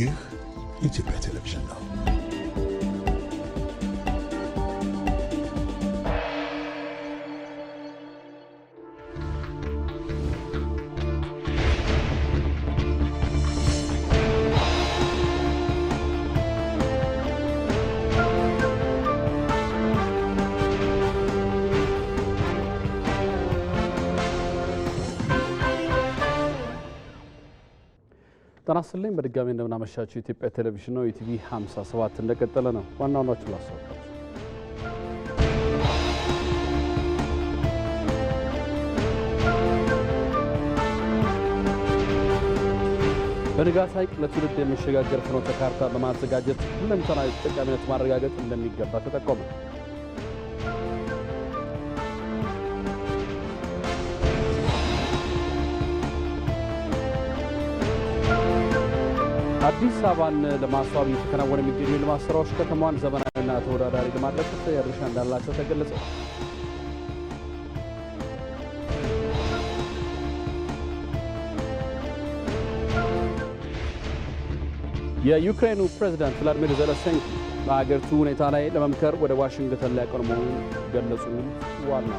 ይህ ኢትዮጵያ ቴሌቪዥን ጤና ይስጥልኝ በድጋሚ እንደምናመሻቸው የኢትዮጵያ ቴሌቪዥን ነው። ኢቲቪ 57 እንደቀጠለ ነው። ዋና ዋናዎቹን ላስታውቃችሁ። በንጋት ሐይቅ ለትውልድ የሚሸጋገር ፍኖተ ካርታ በማዘጋጀት ሁለንተናዊ ጠቃሚነት ማረጋገጥ እንደሚገባ ተጠቆመ። አዲስ አበባን ለማስዋብ እየተከናወነ የሚገኙ የልማት ስራዎች ከተማዋን ዘመናዊና ተወዳዳሪ ለማድረግ ከፍተኛ እንዳላቸው ተገለጸ። የዩክሬኑ ፕሬዝዳንት ቭላዲሚር ዘለንስኪ በሀገሪቱ ሁኔታ ላይ ለመምከር ወደ ዋሽንግተን ሊያቀኑ መሆኑን ገለጹ። ዋና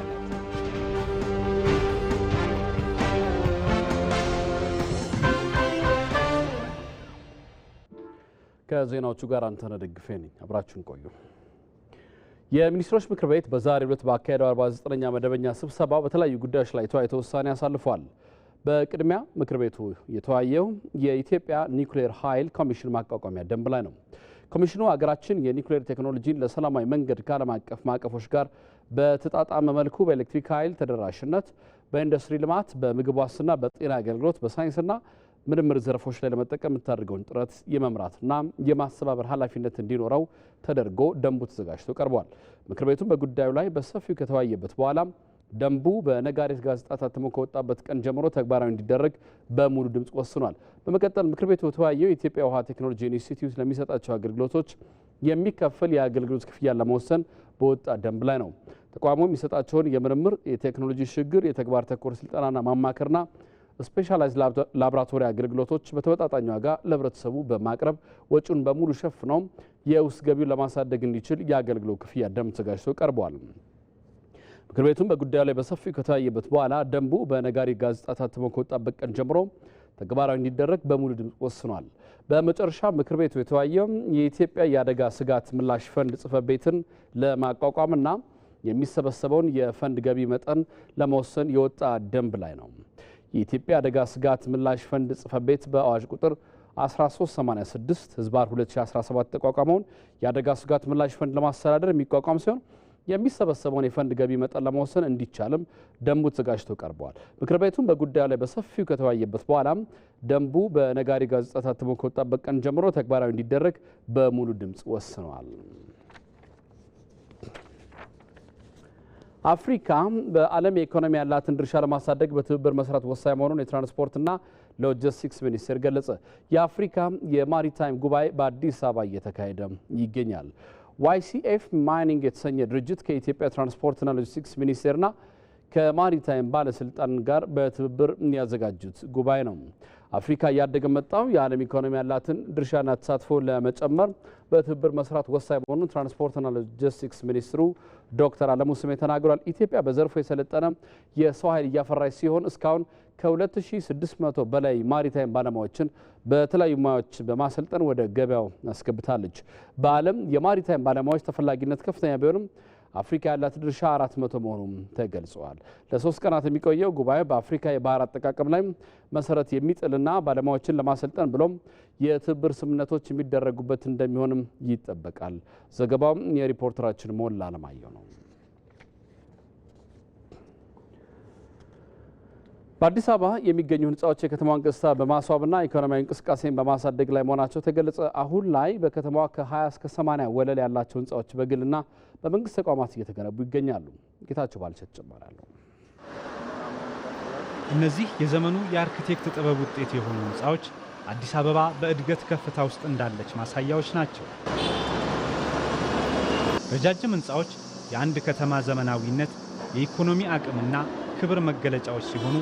ከዜናዎቹ ጋር አንተነህ ደግፌ ነኝ። አብራችሁን ቆዩ። የሚኒስትሮች ምክር ቤት በዛሬው ዕለት ባካሄደው 49ኛ መደበኛ ስብሰባ በተለያዩ ጉዳዮች ላይ ተወያይቶ ውሳኔ አሳልፏል። በቅድሚያ ምክር ቤቱ የተወያየው የኢትዮጵያ ኒውክሌር ኃይል ኮሚሽን ማቋቋሚያ ደንብ ላይ ነው። ኮሚሽኑ አገራችን የኒውክሌር ቴክኖሎጂን ለሰላማዊ መንገድ ከዓለም አቀፍ ማዕቀፎች ጋር በተጣጣመ መልኩ በኤሌክትሪክ ኃይል ተደራሽነት፣ በኢንዱስትሪ ልማት፣ በምግብ ዋስትና፣ በጤና አገልግሎት፣ በሳይንስና ምርምር ዘርፎች ላይ ለመጠቀም የምታደርገውን ጥረት የመምራትና የማስተባበር ኃላፊነት እንዲኖረው ተደርጎ ደንቡ ተዘጋጅቶ ቀርቧል። ምክር ቤቱም በጉዳዩ ላይ በሰፊው ከተወያየበት በኋላ ደንቡ በነጋሪት ጋዜጣ ታትሞ ከወጣበት ቀን ጀምሮ ተግባራዊ እንዲደረግ በሙሉ ድምፅ ወስኗል። በመቀጠል ምክር ቤቱ በተወያየው የኢትዮጵያ ውሃ ቴክኖሎጂ ኢንስቲትዩት ለሚሰጣቸው አገልግሎቶች የሚከፈል የአገልግሎት ክፍያ ለመወሰን በወጣ ደንብ ላይ ነው። ተቋሙ የሚሰጣቸውን የምርምር የቴክኖሎጂ ሽግግር፣ የተግባር ተኮር ስልጠናና ማማከርና ስፔሻላይዝ ላብራቶሪ አገልግሎቶች በተመጣጣኝ ዋጋ ለህብረተሰቡ በማቅረብ ወጪውን በሙሉ ሸፍነው የውስጥ ገቢውን ለማሳደግ እንዲችል የአገልግሎት ክፍያ ደንብ ተዘጋጅቶ ቀርቧል። ምክር ቤቱም በጉዳዩ ላይ በሰፊው ከተወያየበት በኋላ ደንቡ በነጋሪ ጋዜጣ ታትሞ ከወጣበት ቀን ጀምሮ ተግባራዊ እንዲደረግ በሙሉ ድምፅ ወስኗል። በመጨረሻ ምክር ቤቱ የተወያየው የኢትዮጵያ የአደጋ ስጋት ምላሽ ፈንድ ጽህፈት ቤትን ለማቋቋምና የሚሰበሰበውን የፈንድ ገቢ መጠን ለመወሰን የወጣ ደንብ ላይ ነው። የኢትዮጵያ አደጋ ስጋት ምላሽ ፈንድ ጽፈት ቤት በአዋጅ ቁጥር 1386 ህዝባር 2017 ተቋቋመውን የአደጋ ስጋት ምላሽ ፈንድ ለማስተዳደር የሚቋቋም ሲሆን የሚሰበሰበውን የፈንድ ገቢ መጠን ለመወሰን እንዲቻልም ደንቡ ተዘጋጅቶ ቀርበዋል። ምክር ቤቱም በጉዳዩ ላይ በሰፊው ከተወያየበት በኋላም ደንቡ በነጋሪ ጋዜጣ ታትሞ ከወጣበት ቀን ጀምሮ ተግባራዊ እንዲደረግ በሙሉ ድምፅ ወስኗል። አፍሪካ በዓለም የኢኮኖሚ ያላትን ድርሻ ለማሳደግ በትብብር መስራት ወሳኝ መሆኑን የትራንስፖርትና ሎጂስቲክስ ሚኒስቴር ገለጸ። የአፍሪካ የማሪታይም ጉባኤ በአዲስ አበባ እየተካሄደ ይገኛል። ዋይሲኤፍ ማይኒንግ የተሰኘ ድርጅት ከኢትዮጵያ ትራንስፖርትና ሎጂስቲክስ ሚኒስቴርና ከማሪታይም ባለስልጣን ጋር በትብብር ያዘጋጁት ጉባኤ ነው። አፍሪካ እያደገ መጣው የዓለም ኢኮኖሚ ያላትን ድርሻና ተሳትፎ ለመጨመር በትብብር መስራት ወሳኝ መሆኑን ትራንስፖርትና ሎጂስቲክስ ሚኒስትሩ ዶክተር አለሙ ስሜ ተናግሯል። ኢትዮጵያ በዘርፉ የሰለጠነ የሰው ኃይል እያፈራች ሲሆን እስካሁን ከ2600 በላይ ማሪታይም ባለሙያዎችን በተለያዩ ሙያዎች በማሰልጠን ወደ ገበያው አስገብታለች። በዓለም የማሪታይም ባለሙያዎች ተፈላጊነት ከፍተኛ ቢሆንም አፍሪካ ያላት ድርሻ አራት መቶ መሆኑም ተገልጸዋል። ለሶስት ቀናት የሚቆየው ጉባኤ በአፍሪካ የባህር አጠቃቀም ላይ መሰረት የሚጥልና ባለሙያዎችን ለማሰልጠን ብሎም የትብብር ስምምነቶች የሚደረጉበት እንደሚሆንም ይጠበቃል። ዘገባውም የሪፖርተራችን ሞላ አለማየሁ ነው። በአዲስ አበባ የሚገኙ ህንፃዎች የከተማዋን ገጽታ በማስዋብና ኢኮኖሚያዊ እንቅስቃሴን በማሳደግ ላይ መሆናቸው ተገለጸ። አሁን ላይ በከተማዋ ከ20 እስከ 80 ወለል ያላቸው ህንፃዎች በግልና በመንግስት ተቋማት እየተገነቡ ይገኛሉ። ጌታቸው ባልቸት ጨምራለሁ። እነዚህ የዘመኑ የአርክቴክት ጥበብ ውጤት የሆኑ ህንፃዎች አዲስ አበባ በእድገት ከፍታ ውስጥ እንዳለች ማሳያዎች ናቸው። ረጃጅም ህንፃዎች የአንድ ከተማ ዘመናዊነት የኢኮኖሚ አቅምና ክብር መገለጫዎች ሲሆኑ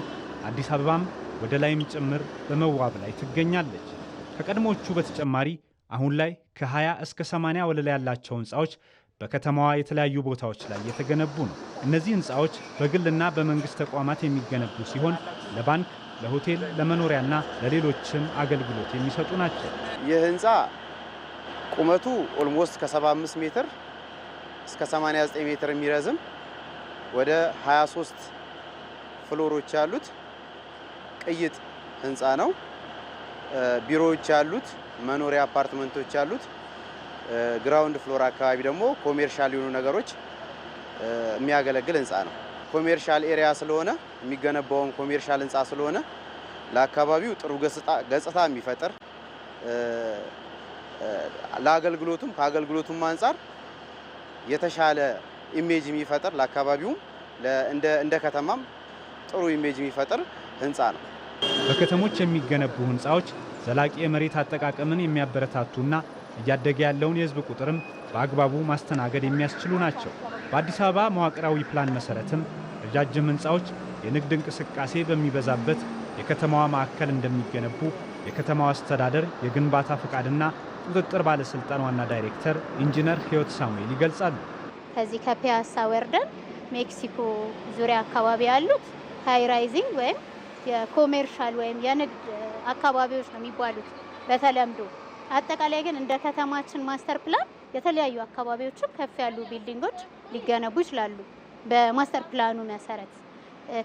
አዲስ አበባም ወደ ላይም ጭምር በመዋብ ላይ ትገኛለች። ከቀድሞቹ በተጨማሪ አሁን ላይ ከ20 እስከ 80 ወለል ያላቸው ህንፃዎች በከተማዋ የተለያዩ ቦታዎች ላይ የተገነቡ ነው። እነዚህ ህንፃዎች በግልና በመንግስት ተቋማት የሚገነቡ ሲሆን ለባንክ፣ ለሆቴል፣ ለመኖሪያና ለሌሎችም አገልግሎት የሚሰጡ ናቸው። ይህ ህንፃ ቁመቱ ኦልሞስት ከ75 ሜትር እስከ 89 ሜትር የሚረዝም ወደ 23 ፍሎሮች ያሉት ቅይጥ ህንፃ ነው። ቢሮዎች ያሉት፣ መኖሪያ አፓርትመንቶች ያሉት ግራውንድ ፍሎር አካባቢ ደግሞ ኮሜርሻል የሆኑ ነገሮች የሚያገለግል ህንፃ ነው። ኮሜርሻል ኤሪያ ስለሆነ የሚገነባውም ኮሜርሻል ህንፃ ስለሆነ ለአካባቢው ጥሩ ገጽታ የሚፈጥር ለአገልግሎቱም ከአገልግሎቱም አንጻር የተሻለ ኢሜጅ የሚፈጥር ለአካባቢውም እንደ ከተማም ጥሩ ኢሜጅ የሚፈጥር ህንፃ ነው። በከተሞች የሚገነቡ ህንፃዎች ዘላቂ የመሬት አጠቃቀምን የሚያበረታቱና እያደገ ያለውን የህዝብ ቁጥርም በአግባቡ ማስተናገድ የሚያስችሉ ናቸው። በአዲስ አበባ መዋቅራዊ ፕላን መሰረትም ረጃጅም ህንፃዎች የንግድ እንቅስቃሴ በሚበዛበት የከተማዋ ማዕከል እንደሚገነቡ የከተማዋ አስተዳደር የግንባታ ፈቃድና ቁጥጥር ባለስልጣን ዋና ዳይሬክተር ኢንጂነር ህይወት ሳሙኤል ይገልጻሉ። ከዚህ ከፒያሳ ወርደን ሜክሲኮ ዙሪያ አካባቢ ያሉት ሃይራይዚንግ ወይም የኮሜርሻል ወይም የንግድ አካባቢዎች ነው የሚባሉት በተለምዶ አጠቃላይ ግን እንደ ከተማችን ማስተር ፕላን የተለያዩ አካባቢዎችም ከፍ ያሉ ቢልዲንጎች ሊገነቡ ይችላሉ በማስተር ፕላኑ መሰረት።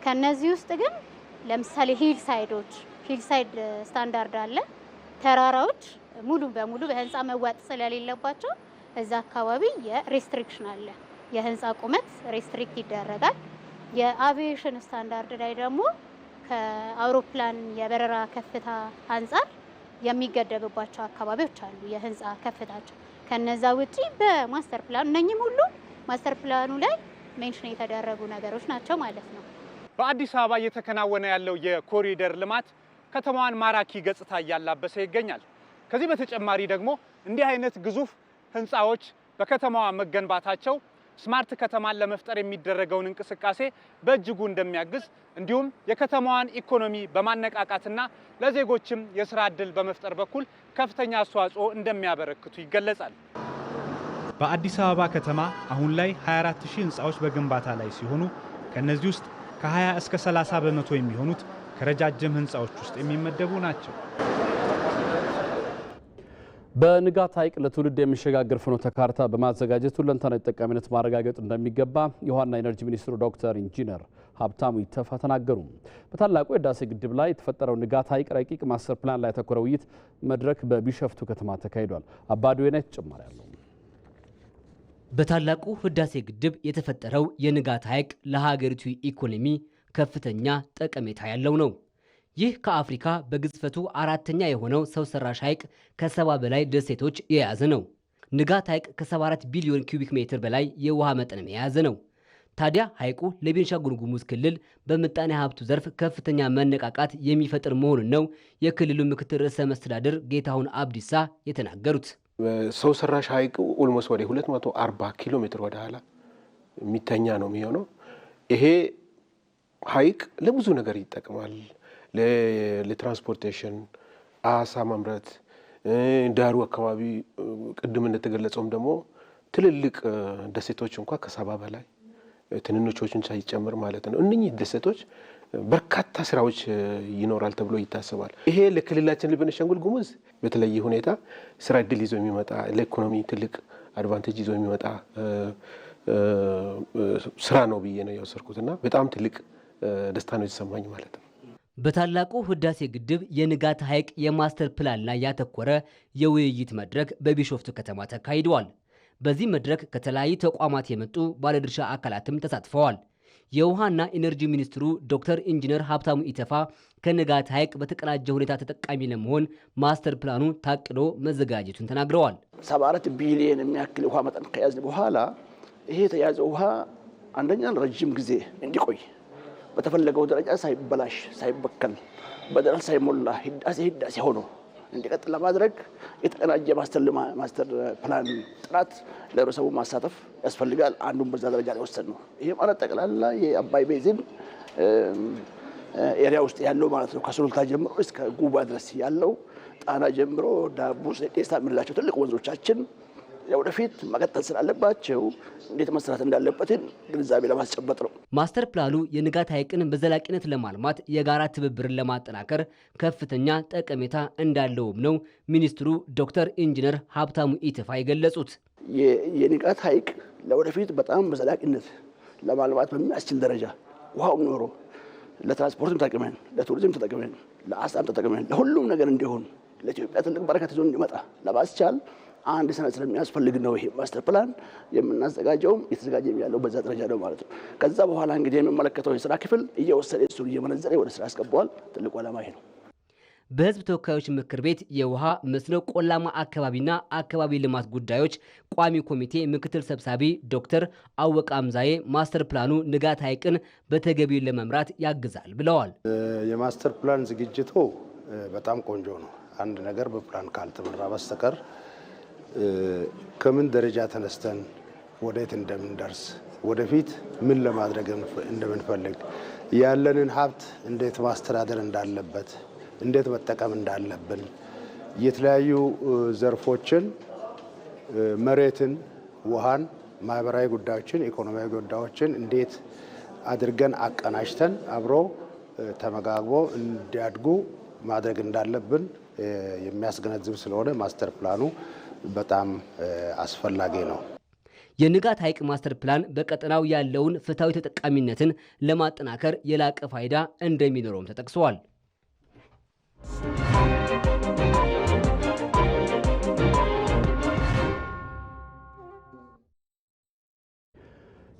ከነዚህ ውስጥ ግን ለምሳሌ ሂል ሳይዶች ሂል ሳይድ ስታንዳርድ አለ። ተራራዎች ሙሉ በሙሉ በህንፃ መዋጥ ስለሌለባቸው እዛ አካባቢ የሬስትሪክሽን አለ። የህንፃ ቁመት ሬስትሪክት ይደረጋል። የአቪዬሽን ስታንዳርድ ላይ ደግሞ ከአውሮፕላን የበረራ ከፍታ አንጻር የሚገደብባቸው አካባቢዎች አሉ፣ የህንፃ ከፍታቸው። ከነዛ ውጪ በማስተር ፕላኑ እነኝም ሁሉ ማስተር ፕላኑ ላይ ሜንሽን የተደረጉ ነገሮች ናቸው ማለት ነው። በአዲስ አበባ እየተከናወነ ያለው የኮሪደር ልማት ከተማዋን ማራኪ ገጽታ እያላበሰ ይገኛል። ከዚህ በተጨማሪ ደግሞ እንዲህ አይነት ግዙፍ ህንፃዎች በከተማዋ መገንባታቸው ስማርት ከተማን ለመፍጠር የሚደረገውን እንቅስቃሴ በእጅጉ እንደሚያግዝ እንዲሁም የከተማዋን ኢኮኖሚ በማነቃቃትና ለዜጎችም የስራ ዕድል በመፍጠር በኩል ከፍተኛ አስተዋጽኦ እንደሚያበረክቱ ይገለጻል። በአዲስ አበባ ከተማ አሁን ላይ 24 ሺህ ህንፃዎች በግንባታ ላይ ሲሆኑ ከእነዚህ ውስጥ ከ20 እስከ 30 በመቶ የሚሆኑት ከረጃጅም ህንፃዎች ውስጥ የሚመደቡ ናቸው። በንጋት ሐይቅ ለትውልድ የሚሸጋገር ፍኖተ ካርታ በማዘጋጀት ሁለንተናዊ ተጠቃሚነት ማረጋገጥ እንደሚገባ የውሃና ኢነርጂ ሚኒስትሩ ዶክተር ኢንጂነር ሀብታሙ ይተፋ ተናገሩ። በታላቁ የህዳሴ ግድብ ላይ የተፈጠረው ንጋት ሐይቅ ረቂቅ ማስተር ፕላን ላይ ያተኮረ ውይይት መድረክ በቢሸፍቱ ከተማ ተካሂዷል። አባዶና ተጨማሪ ያለው በታላቁ ህዳሴ ግድብ የተፈጠረው የንጋት ሐይቅ ለሀገሪቱ ኢኮኖሚ ከፍተኛ ጠቀሜታ ያለው ነው። ይህ ከአፍሪካ በግዝፈቱ አራተኛ የሆነው ሰው ሰራሽ ሐይቅ ከሰባ በላይ ደሴቶች የያዘ ነው። ንጋት ሐይቅ ከ74 ቢሊዮን ኪዩቢክ ሜትር በላይ የውሃ መጠንም የያዘ ነው። ታዲያ ሐይቁ ለቤንሻንጉል ጉሙዝ ክልል በምጣኔ ሀብቱ ዘርፍ ከፍተኛ መነቃቃት የሚፈጥር መሆኑን ነው የክልሉ ምክትል ርዕሰ መስተዳድር ጌታሁን አብዲሳ የተናገሩት። ሰው ሰራሽ ሐይቁ ኦልሞስ ወደ 240 ኪሎ ሜትር ወደ ኋላ የሚተኛ ነው የሚሆነው። ይሄ ሐይቅ ለብዙ ነገር ይጠቅማል። ለትራንስፖርቴሽን አሳ ማምረት ዳሩ አካባቢ ቅድም እንደተገለጸውም ደግሞ ትልልቅ ደሴቶች እንኳ ከሰባ በላይ ትንንሾቹን ሳይጨምር ማለት ነው። እነኚህ ደሴቶች በርካታ ስራዎች ይኖራል ተብሎ ይታሰባል። ይሄ ለክልላችን ለቤኒሻንጉል ጉሙዝ በተለየ ሁኔታ ስራ እድል ይዞ የሚመጣ ለኢኮኖሚ ትልቅ አድቫንቴጅ ይዞ የሚመጣ ስራ ነው ብዬ ነው እና በጣም ትልቅ ደስታ ነው የተሰማኝ ማለት ነው። በታላቁ ህዳሴ ግድብ የንጋት ሐይቅ የማስተር ፕላን ላይ ያተኮረ የውይይት መድረክ በቢሾፍቱ ከተማ ተካሂደዋል። በዚህ መድረክ ከተለያዩ ተቋማት የመጡ ባለድርሻ አካላትም ተሳትፈዋል። የውሃና ኢነርጂ ሚኒስትሩ ዶክተር ኢንጂነር ሀብታሙ ኢተፋ ከንጋት ሐይቅ በተቀናጀ ሁኔታ ተጠቃሚ ለመሆን ማስተር ፕላኑ ታቅዶ መዘጋጀቱን ተናግረዋል። 74 ቢሊየን የሚያክል ውሃ መጠን ከያዝን በኋላ ይሄ የተያዘ ውሃ አንደኛ ረጅም ጊዜ እንዲቆይ በተፈለገው ደረጃ ሳይበላሽ ሳይበከል በደረል ሳይሞላ ህዳሴ ህዳሴ ሆኖ እንዲቀጥል ለማድረግ የተቀናጀ ማስተር ፕላን ጥናት ለህብረተሰቡ ማሳተፍ ያስፈልጋል። አንዱን በዛ ደረጃ ላይ ወሰን ነው። ይሄ ማለት ጠቅላላ የአባይ ቤዚን ኤሪያ ውስጥ ያለው ማለት ነው። ከሱሉልታ ጀምሮ እስከ ጉባ ድረስ ያለው ጣና ጀምሮ ዳቡስ፣ ዴስታ የምንላቸው ትልቅ ወንዞቻችን ለወደፊት መቀጠል ስላለባቸው እንዴት መስራት እንዳለበትን ግንዛቤ ለማስጨበጥ ነው። ማስተር ፕላኑ የንጋት ሐይቅን በዘላቂነት ለማልማት የጋራ ትብብርን ለማጠናከር ከፍተኛ ጠቀሜታ እንዳለውም ነው ሚኒስትሩ ዶክተር ኢንጂነር ሀብታሙ ኢትፋ የገለጹት። የንጋት ሐይቅ ለወደፊት በጣም በዘላቂነት ለማልማት በሚያስችል ደረጃ ውሃውም ኖሮ ለትራንስፖርትም ተጠቅመን፣ ለቱሪዝም ተጠቅመን፣ ለአሳም ተጠቅመን፣ ለሁሉም ነገር እንዲሆን ለኢትዮጵያ ትልቅ በረከት ይዞ እንዲመጣ ለማስቻል አንድ ሰነድ ስለሚያስፈልግ ነው ይሄ ማስተር ፕላን የምናዘጋጀውም የተዘጋጀ ያለው በዛ ደረጃ ነው ማለት ነው። ከዛ በኋላ እንግዲህ የሚመለከተው የስራ ክፍል እየወሰደ እሱን እየመነዘረ ወደ ስራ ያስገባዋል። ትልቁ ዓላማ ይሄ ነው። በህዝብ ተወካዮች ምክር ቤት የውሃ መስኖ፣ ቆላማ አካባቢና አካባቢ ልማት ጉዳዮች ቋሚ ኮሚቴ ምክትል ሰብሳቢ ዶክተር አወቀ አምዛዬ ማስተር ፕላኑ ንጋት ሐይቅን በተገቢው ለመምራት ያግዛል ብለዋል። የማስተር ፕላን ዝግጅቱ በጣም ቆንጆ ነው። አንድ ነገር በፕላን ካልተመራ በስተቀር ከምን ደረጃ ተነስተን ወዴት እንደምንደርስ ወደፊት ምን ለማድረግ እንደምንፈልግ ያለንን ሀብት እንዴት ማስተዳደር እንዳለበት እንዴት መጠቀም እንዳለብን የተለያዩ ዘርፎችን መሬትን፣ ውሃን፣ ማህበራዊ ጉዳዮችን፣ ኢኮኖሚያዊ ጉዳዮችን እንዴት አድርገን አቀናጅተን አብሮ ተመጋግቦ እንዲያድጉ ማድረግ እንዳለብን የሚያስገነዝብ ስለሆነ ማስተር ፕላኑ በጣም አስፈላጊ ነው። የንጋት ሐይቅ ማስተር ፕላን በቀጠናው ያለውን ፍትሐዊ ተጠቃሚነትን ለማጠናከር የላቀ ፋይዳ እንደሚኖረውም ተጠቅሰዋል።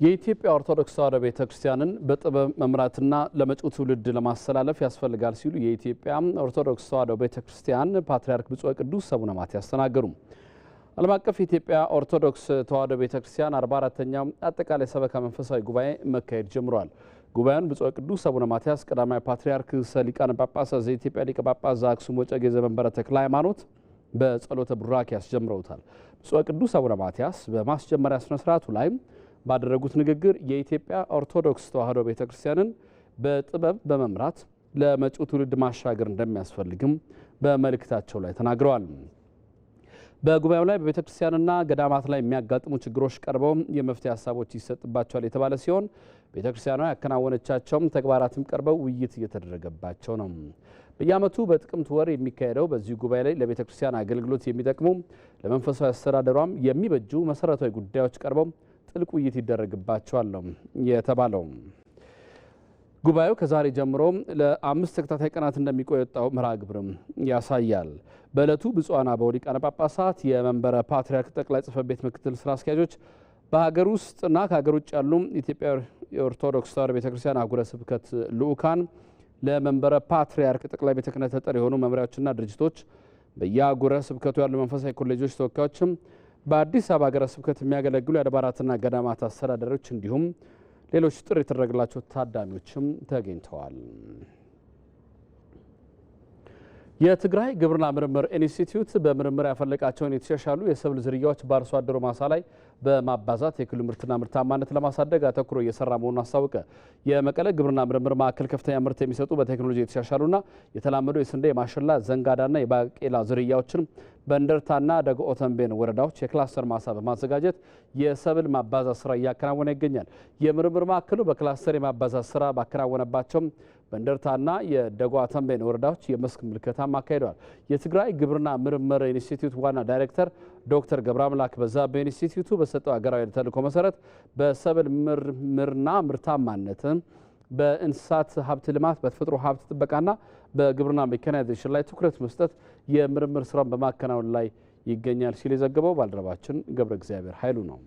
የኢትዮጵያ ኦርቶዶክስ ተዋሕዶ ቤተ ክርስቲያንን በጥበብ መምራትና ለመጪው ትውልድ ለማስተላለፍ ያስፈልጋል ሲሉ የኢትዮጵያ ኦርቶዶክስ ተዋሕዶ ቤተ ክርስቲያን ፓትርያርክ ብፁዕ ቅዱስ አቡነ ማትያስ ተናገሩ። ዓለም አቀፍ የኢትዮጵያ ኦርቶዶክስ ተዋሕዶ ቤተ ክርስቲያን 44ተኛው አጠቃላይ ሰበካ መንፈሳዊ ጉባኤ መካሄድ ጀምሯል። ጉባኤውን ብፁዕ ቅዱስ አቡነ ማትያስ ቀዳማዊ ፓትርያርክ ሊቃነ ጳጳሳት ዘኢትዮጵያ ሊቀ ጳጳስ ዘአክሱም ወዕጨጌ ዘመንበረ ተክለ ሃይማኖት በጸሎተ ቡራኬ ያስጀምረውታል። ብፁዕ ቅዱስ አቡነ ማትያስ በማስጀመሪያ ስነ ስርዓቱ ላይም ባደረጉት ንግግር የኢትዮጵያ ኦርቶዶክስ ተዋሕዶ ቤተ ክርስቲያንን በጥበብ በመምራት ለመጪው ትውልድ ማሻገር እንደሚያስፈልግም በመልእክታቸው ላይ ተናግረዋል። በጉባኤው ላይ በቤተ ክርስቲያንና ገዳማት ላይ የሚያጋጥሙ ችግሮች ቀርበው የመፍትሄ ሀሳቦች ይሰጥባቸዋል የተባለ ሲሆን ቤተ ክርስቲያኗ ያከናወነቻቸውም ተግባራትም ቀርበው ውይይት እየተደረገባቸው ነው። በየዓመቱ በጥቅምት ወር የሚካሄደው በዚህ ጉባኤ ላይ ለቤተ ክርስቲያን አገልግሎት የሚጠቅሙ ለመንፈሳዊ አስተዳደሯም የሚበጁ መሰረታዊ ጉዳዮች ቀርበው ጥልቅ ውይይት ይደረግባቸዋል ነው የተባለው። ጉባኤው ከዛሬ ጀምሮ ለአምስት ተከታታይ ቀናት እንደሚቆይ የወጣው መርሃ ግብርም ያሳያል። በዕለቱ ብፁዓን አበው ሊቃነ ጳጳሳት፣ የመንበረ ፓትርያርክ ጠቅላይ ጽሕፈት ቤት ምክትል ስራ አስኪያጆች፣ በሀገር ውስጥና ከሀገር ውጭ ያሉ ኢትዮጵያ የኦርቶዶክስ ተዋሕዶ ቤተ ክርስቲያን አህጉረ ስብከት ልዑካን፣ ለመንበረ ፓትርያርክ ጠቅላይ ቤተ ክህነት ተጠሪ የሆኑ መምሪያዎችና ድርጅቶች፣ በየአህጉረ ስብከቱ ያሉ መንፈሳዊ ኮሌጆች ተወካዮችም፣ በአዲስ አበባ ሀገረ ስብከት የሚያገለግሉ የአድባራትና ገዳማት አስተዳደሮች እንዲሁም ሌሎች ጥሪ የተደረገላቸው ታዳሚዎችም ተገኝተዋል። የትግራይ ግብርና ምርምር ኢንስቲትዩት በምርምር ያፈለቃቸውን የተሻሻሉ የሰብል ዝርያዎች በአርሶ አደሩ ማሳ ላይ በማባዛት የክልሉ ምርትና ምርታማነት ለማሳደግ አተኩሮ እየሰራ መሆኑን አስታወቀ። የመቀለ ግብርና ምርምር ማዕከል ከፍተኛ ምርት የሚሰጡ በቴክኖሎጂ የተሻሻሉና የተላመዱ የስንዴ የማሽላ ዘንጋዳና የባቄላ ዝርያዎችን በእንደርታና ደገ ኦተንቤን ወረዳዎች የክላስተር ማሳ በማዘጋጀት የሰብል ማባዛት ስራ እያከናወነ ይገኛል። የምርምር ማዕከሉ በክላስተር የማባዛት ስራ ባከናወነባቸውም በእንደርታና የደጓ ተንቤን ወረዳዎች የመስክ ምልከታም አካሂደዋል። የትግራይ ግብርና ምርምር ኢንስቲትዩት ዋና ዳይሬክተር ዶክተር ገብረአምላክ በዛ በኢንስቲትዩቱ በሰጠው ሀገራዊ ተልእኮ መሰረት በሰብል ምርምርና ምርታማነትን በእንስሳት ሀብት ልማት፣ በተፈጥሮ ሀብት ጥበቃና በግብርና ሜካናይዜሽን ላይ ትኩረት መስጠት የምርምር ስራን በማከናወን ላይ ይገኛል ሲል የዘገበው ባልደረባችን ገብረ እግዚአብሔር ኃይሉ ነው።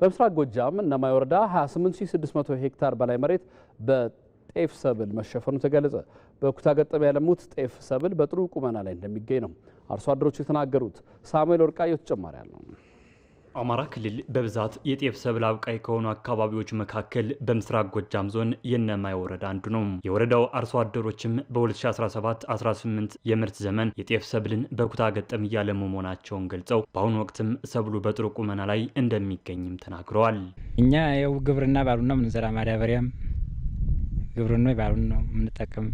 በምስራቅ ጎጃም እነማይ ወረዳ 28600 ሄክታር በላይ መሬት በጤፍ ሰብል መሸፈኑ ተገለጸ። በኩታ ገጠም ያለሙት ጤፍ ሰብል በጥሩ ቁመና ላይ እንደሚገኝ ነው አርሶ አደሮቹ የተናገሩት። ሳሙኤል ወርቃየሁ ተጨማሪ አለው። አማራ ክልል በብዛት የጤፍ ሰብል አብቃይ ከሆኑ አካባቢዎች መካከል በምስራቅ ጎጃም ዞን የእነማይ ወረዳ አንዱ ነው። የወረዳው አርሶ አደሮችም በ2017/18 የምርት ዘመን የጤፍ ሰብልን በኩታ ገጠም እያለሙ መሆናቸውን ገልጸው በአሁኑ ወቅትም ሰብሉ በጥሩ ቁመና ላይ እንደሚገኝም ተናግረዋል። እኛ ያው ግብርና ባሉን ነው ምንዘራ ማዳበሪያም ግብርና ባሉ ነው ምንጠቀም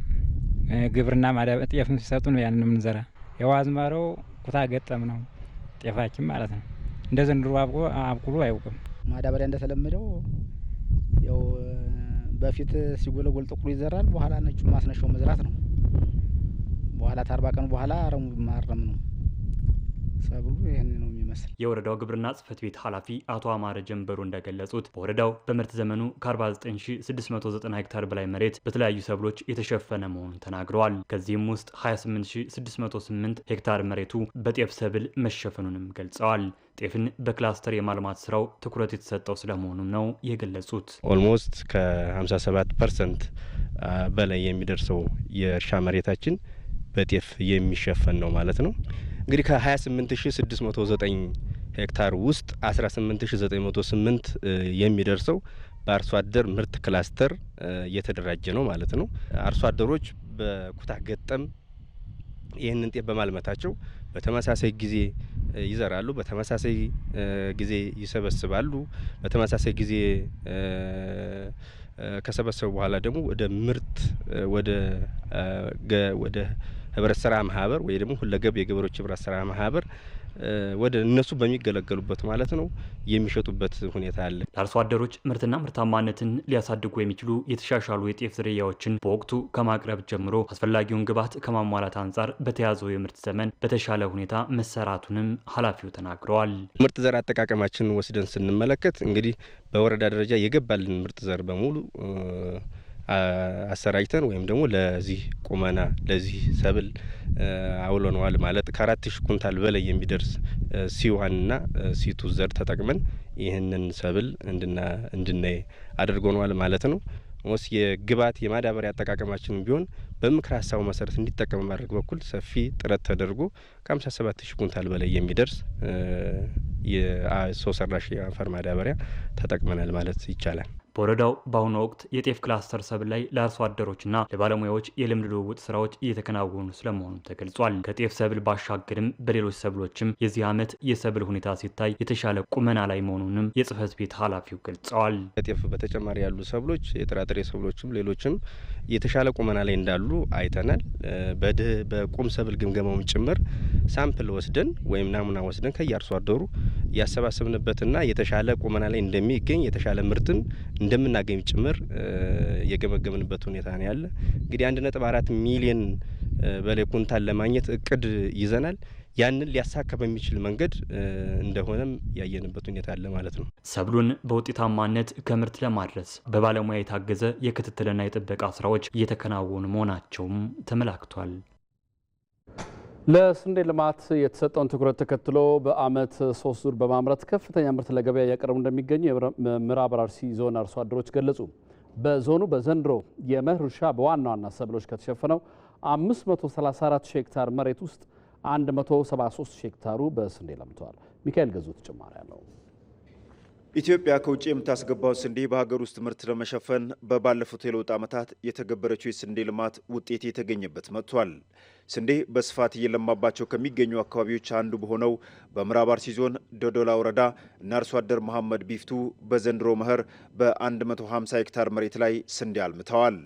ግብርና ጤፍ ሲሰጡን ያን ምንዘራ የዋዝማረው ኩታ ገጠም ነው ጤፋችን ማለት ነው እንደ ዘንድሮ አብቁሎ አያውቅም። ማዳበሪያ እንደተለመደው ያው በፊት ሲጎለጎል ጥቁሩ ይዘራል። በኋላ ነጩ ማስነሻው መዝራት ነው። በኋላ ታርባ ቀን በኋላ አረሙ ማረም ነው። ሰብሉ ይህን ነው የሚመስል። የወረዳው ግብርና ጽህፈት ቤት ኃላፊ አቶ አማረ ጀንበሩ እንደገለጹት በወረዳው በምርት ዘመኑ ከ49690 ሄክታር በላይ መሬት በተለያዩ ሰብሎች የተሸፈነ መሆኑን ተናግረዋል። ከዚህም ውስጥ 28608 ሄክታር መሬቱ በጤፍ ሰብል መሸፈኑንም ገልጸዋል። ጤፍን በክላስተር የማልማት ስራው ትኩረት የተሰጠው ስለመሆኑም ነው የገለጹት። ኦልሞስት ከ57 ፐርሰንት በላይ የሚደርሰው የእርሻ መሬታችን በጤፍ የሚሸፈን ነው ማለት ነው። እንግዲህ ከ28609 ሄክታር ውስጥ 18908 የሚደርሰው በአርሶ አደር ምርት ክላስተር እየተደራጀ ነው ማለት ነው። አርሶ አደሮች በኩታ ገጠም ይህንን ጤፍ በማልመታቸው በተመሳሳይ ጊዜ ይዘራሉ፣ በተመሳሳይ ጊዜ ይሰበስባሉ። በተመሳሳይ ጊዜ ከሰበሰቡ በኋላ ደግሞ ወደ ምርት ወደ ህብረት ስራ ማህበር ወይ ደግሞ ሁለገብ የገበሬዎች ህብረት ስራ ማህበር ወደ እነሱ በሚገለገሉበት ማለት ነው የሚሸጡበት ሁኔታ አለ። ለአርሶ አደሮች ምርትና ምርታማነትን ሊያሳድጉ የሚችሉ የተሻሻሉ የጤፍ ዝርያዎችን በወቅቱ ከማቅረብ ጀምሮ አስፈላጊውን ግብዓት ከማሟላት አንጻር በተያዘው የምርት ዘመን በተሻለ ሁኔታ መሰራቱንም ኃላፊው ተናግረዋል። ምርጥ ዘር አጠቃቀማችንን ወስደን ስንመለከት እንግዲህ በወረዳ ደረጃ የገባልን ምርጥ ዘር በሙሉ አሰራጭተን ወይም ደግሞ ለዚህ ቁመና ለዚህ ሰብል አውለነዋል ማለት ከአራት ሺ ኩንታል በላይ የሚደርስ ሲዋንና ሲቱ ዘር ተጠቅመን ይህንን ሰብል እንድናይ አድርጎነዋል ማለት ነው። ሞስ የግብዓት የማዳበሪያ አጠቃቀማችን ቢሆን በምክር ሀሳቡ መሰረት እንዲጠቀም ማድረግ በኩል ሰፊ ጥረት ተደርጎ ከሀምሳ ሰባት ሺ ኩንታል በላይ የሚደርስ የሰው ሰራሽ የአፈር ማዳበሪያ ተጠቅመናል ማለት ይቻላል። በወረዳው በአሁኑ ወቅት የጤፍ ክላስተር ሰብል ላይ ለአርሶ አደሮችና ለባለሙያዎች የልምድ ልውውጥ ስራዎች እየተከናወኑ ስለመሆኑም ተገልጿል። ከጤፍ ሰብል ባሻገርም በሌሎች ሰብሎችም የዚህ ዓመት የሰብል ሁኔታ ሲታይ የተሻለ ቁመና ላይ መሆኑንም የጽህፈት ቤት ኃላፊው ገልጸዋል። ከጤፍ በተጨማሪ ያሉ ሰብሎች የጥራጥሬ ሰብሎችም ሌሎችም የተሻለ ቁመና ላይ እንዳሉ አይተናል። በቁም ሰብል ግምገማውም ጭምር ሳምፕል ወስደን ወይም ናሙና ወስደን ከየአርሶ አደሩ ያሰባሰብንበትና የተሻለ ቁመና ላይ እንደሚገኝ የተሻለ ምርትን እንደምናገኝ ጭምር የገመገምንበት ሁኔታ ነው ያለ። እንግዲህ አንድ ነጥብ አራት ሚሊየን በላይ ኩንታል ለማግኘት እቅድ ይዘናል። ያንን ሊያሳካ በሚችል መንገድ እንደሆነም ያየንበት ሁኔታ አለ ማለት ነው። ሰብሉን በውጤታማነት ከምርት ለማድረስ በባለሙያ የታገዘ የክትትልና የጥበቃ ስራዎች እየተከናወኑ መሆናቸውም ተመላክቷል። ለስንዴ ልማት የተሰጠውን ትኩረት ተከትሎ በዓመት ሶስት ዙር በማምረት ከፍተኛ ምርት ለገበያ እያቀረቡ እንደሚገኙ የምዕራብ አርሲ ዞን አርሶ አደሮች ገለጹ። በዞኑ በዘንድሮ የመኸር እርሻ በዋና ዋና ሰብሎች ከተሸፈነው 534 ሄክታር መሬት ውስጥ 173 ሄክታሩ በስንዴ ለምተዋል። ሚካኤል ገዙ ተጨማሪ ያለው ኢትዮጵያ ከውጭ የምታስገባው ስንዴ በሀገር ውስጥ ምርት ለመሸፈን በባለፉት የለውጥ ዓመታት የተገበረችው የስንዴ ልማት ውጤት የተገኘበት መጥቷል። ስንዴ በስፋት እየለማባቸው ከሚገኙ አካባቢዎች አንዱ በሆነው በምዕራብ አርሲ ዞን ዶዶላ ወረዳ እና አርሶ አደር መሐመድ ቢፍቱ በዘንድሮ መኸር በ150 ሄክታር መሬት ላይ ስንዴ አልምተዋል።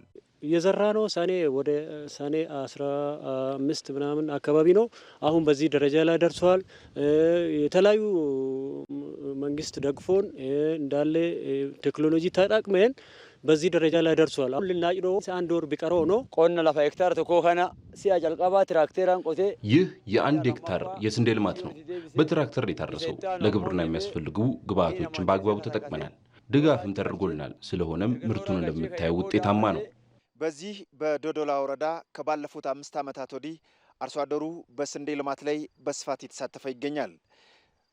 የዘራ ነው ሰኔ ወደ ሰኔ አስራ አምስት ምናምን አካባቢ ነው። አሁን በዚህ ደረጃ ላይ ደርሰዋል። የተለያዩ መንግስት ደግፎን እንዳለ ቴክኖሎጂ ተጠቅመን በዚህ ደረጃ ላይ ደርሷል። አሁን ልናጭዶ አንድ ወር ቢቀረው ነው። ቆነ ለፋ ሄክታር ተኮ ከነ ሲያ ጨልቀባ ትራክተራን ቆቴ ይህ የአንድ ሄክታር የስንዴ ልማት ነው። በትራክተር የታረሰው ለግብርና የሚያስፈልጉ ግብዓቶችን በአግባቡ ተጠቅመናል። ድጋፍም ተደርጎልናል። ስለሆነም ምርቱን እንደምታየው ውጤታማ ነው። በዚህ በዶዶላ ወረዳ ከባለፉት አምስት ዓመታት ወዲህ አርሶ አደሩ በስንዴ ልማት ላይ በስፋት የተሳተፈ ይገኛል።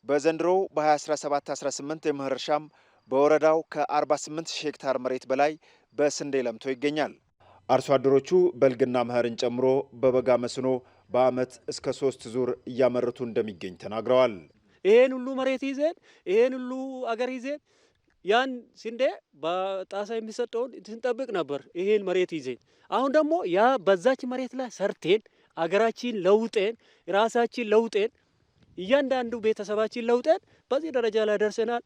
በዘንድሮ በ2017/18 የምህር እርሻም በወረዳው ከ48 ሺህ ሄክታር መሬት በላይ በስንዴ ለምቶ ይገኛል። አርሶ አደሮቹ በልግና መኸርን ጨምሮ በበጋ መስኖ በዓመት እስከ ሶስት ዙር እያመረቱ እንደሚገኝ ተናግረዋል። ይሄን ሁሉ መሬት ይዘን ይሄን ሁሉ አገር ይዘን ያን ስንዴ በጣሳ የሚሰጠውን ስንጠብቅ ነበር። ይሄን መሬት ይዘን አሁን ደግሞ ያ በዛች መሬት ላይ ሰርቴን አገራችን ለውጤን ራሳችን ለውጤን እያንዳንዱ ቤተሰባችን ለውጠን በዚህ ደረጃ ላይ ደርሰናል።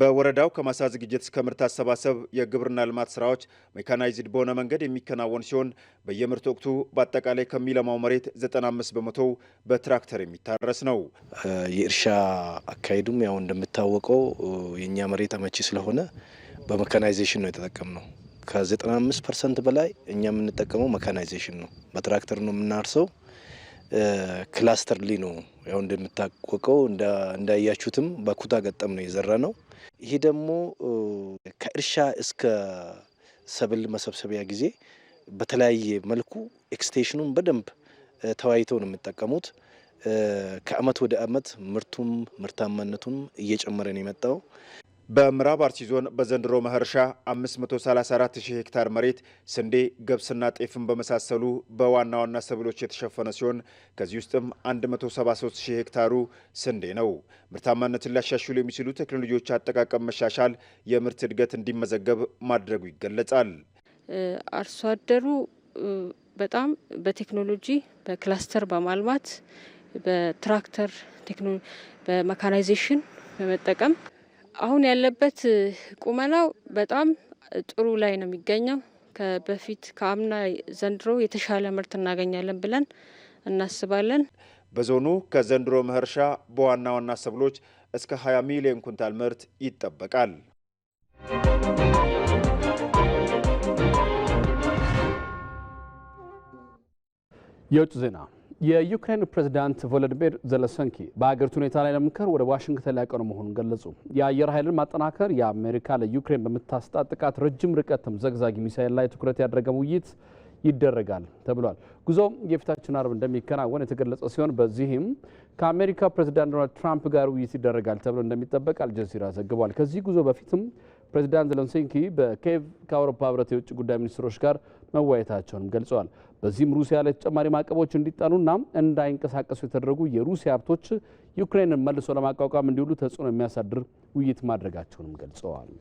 በወረዳው ከማሳ ዝግጅት እስከ ምርት አሰባሰብ የግብርና ልማት ስራዎች ሜካናይዝድ በሆነ መንገድ የሚከናወን ሲሆን በየምርት ወቅቱ በአጠቃላይ ከሚለማው መሬት 95 በመቶ በትራክተር የሚታረስ ነው። የእርሻ አካሄዱም ያው እንደሚታወቀው የእኛ መሬት አመቺ ስለሆነ በመካናይዜሽን ነው የተጠቀም ነው። ከ95 ፐርሰንት በላይ እኛ የምንጠቀመው መካናይዜሽን ነው። በትራክተር ነው የምናርሰው። ሊ ነው ያው እንደምታወቀው እንዳያችሁትም በኩታ ገጠም ነው የዘራ ነው። ይሄ ደግሞ ከእርሻ እስከ ሰብል መሰብሰቢያ ጊዜ በተለያየ መልኩ ኤክስቴንሽኑን በደንብ ተወያይተው ነው የሚጠቀሙት። ከአመት ወደ አመት ምርቱም ምርታማነቱም እየጨመረ ነው የመጣው። በምዕራብ አርሲ ዞን በዘንድሮ መኸርሻ 534000 ሄክታር መሬት ስንዴ፣ ገብስና ጤፍን በመሳሰሉ በዋና ዋና ሰብሎች የተሸፈነ ሲሆን ከዚህ ውስጥም 173000 ሄክታሩ ስንዴ ነው። ምርታማነትን ሊያሻሽሉ የሚችሉ ቴክኖሎጂዎች አጠቃቀም መሻሻል የምርት እድገት እንዲመዘገብ ማድረጉ ይገለጻል። አርሶ አደሩ በጣም በቴክኖሎጂ በክላስተር በማልማት በትራክተር ቴክኖ በመጠቀም አሁን ያለበት ቁመናው በጣም ጥሩ ላይ ነው የሚገኘው። በፊት ከአምና ዘንድሮ የተሻለ ምርት እናገኛለን ብለን እናስባለን። በዞኑ ከዘንድሮ መኸር እርሻ በዋና ዋና ሰብሎች እስከ 20 ሚሊዮን ኩንታል ምርት ይጠበቃል። የውጭ ዜና የዩክሬን ፕሬዝዳንት ቮሎዲሚር ዘለንስኪ በሀገሪቱ ሁኔታ ላይ ለምክር ወደ ዋሽንግተን ሊያቀኑ መሆኑን ገለጹ። የአየር ኃይልን ማጠናከር፣ የአሜሪካ ለዩክሬን በምታስጣት ጥቃት ረጅም ርቀት ተምዘግዛጊ ሚሳይል ላይ ትኩረት ያደረገ ውይይት ይደረጋል ተብሏል። ጉዞ የፊታችን አርብ እንደሚከናወን የተገለጸ ሲሆን በዚህም ከአሜሪካ ፕሬዝዳንት ዶናልድ ትራምፕ ጋር ውይይት ይደረጋል ተብሎ እንደሚጠበቅ አልጀዚራ ዘግቧል። ከዚህ ጉዞ በፊትም ፕሬዝዳንት ዘለንስኪ በኬቭ ከአውሮፓ ህብረት የውጭ ጉዳይ ሚኒስትሮች ጋር መወያየታቸውንም ገልጸዋል። በዚህም ሩሲያ ላይ ተጨማሪ ማዕቀቦች እንዲጣሉና እንዳይንቀሳቀሱ የተደረጉ የሩሲያ ሀብቶች ዩክሬንን መልሶ ለማቋቋም እንዲውሉ ተጽዕኖ የሚያሳድር ውይይት ማድረጋቸውንም ገልጸዋል።